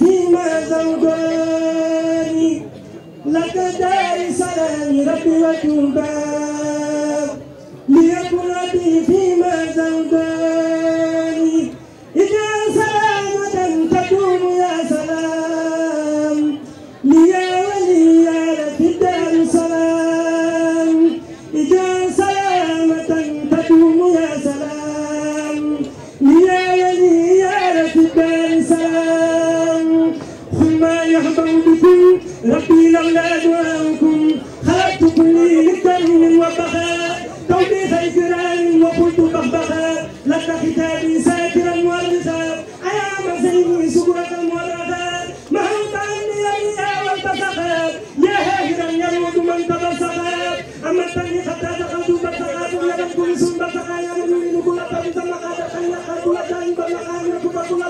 فيما زوجان لك دار سلام ربوة باب ليكن بي فيما زوجان منكم ربي لولا دعاؤكم خلقت كلي للتأمين وبخاء توبيخ إكرام وقلت بخبخاء لك ختابي ساترا والرثاء أيا مزيد سكرة والرثاء ما أنت عني يمينا والبسخاء يا هاجرا يموت من تبسخاء أما الثاني حتى دخلت بسخاء لم كل سن بسخاء يا من يريد كل قبل سمحا دخل يا قبل كان بمحا يركب كل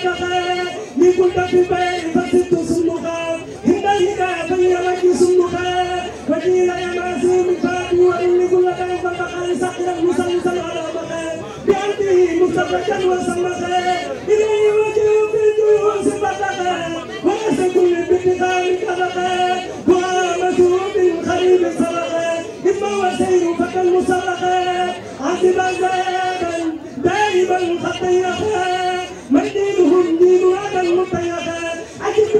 taxawee ni ku tafi bay fa sittu sunu xaar hinda hinda fa ñu yàlla ci sunu xaar wa ci la yamasi min faati wa inni kulla kayin fa taxaari saqira musalsal ala baqaar bi ardihi mustafatan wa samaxaar ilayhi wa ci fi juyusi bataqaar wa yasa kulli bitixaari kadaqaar wa amasu min xaribi sadaqaar imma wa seyru fatal musadaqaar عذبا دائما دائما خطيئا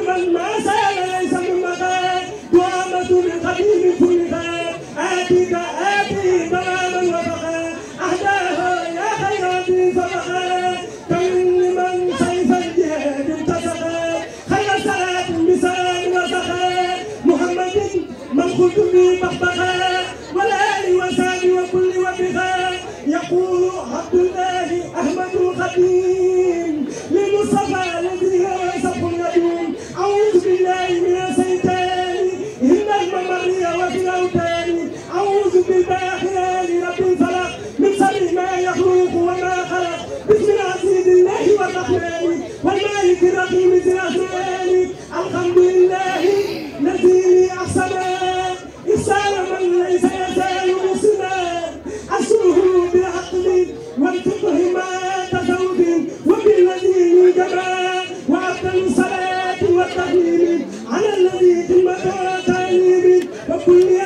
من ما سال ليس من مغاد دعامة لقديم كل غاد آتيك آتي براما وبغا أهداها يا خيراتي فبغا كم لمن سيف الجهاد انتسبا خير صلاة بسلام وسخاء محمد من خلت بي الشيطان أعوذ بالباخران رب الفلق من شر ما يخلق وما خلق بسم العزيز الله والرحمن والمالك الرحيم ذي الرحمن الحمد لله الذي أحسن إحسان من ليس يزال مسلما أسره بالعقل والفقه ما تزود وبالذي يجمع وأفضل الصلاة والتسليم على الذي في المتى تعليم وكل